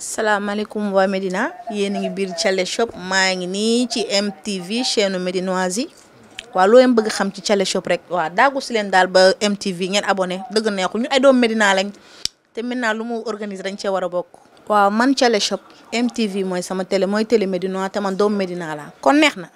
salaamaaleykum waa medina yéen ngi biir Thialé Shop maa ngi nii ci MTV chaîne médinoise yi loo leen bëgg xam ci Thialé Shop rek waa daagu si leen daal ba MTV ngeen abonné dëgg neexul ñu ay doom Médina lañ te maintenant lu mu organise dañ cee war a bokk. waaw man Thialé Shop MTV mooy sama télé mooy télé médinoise te man doomu Médina laa kon neex na.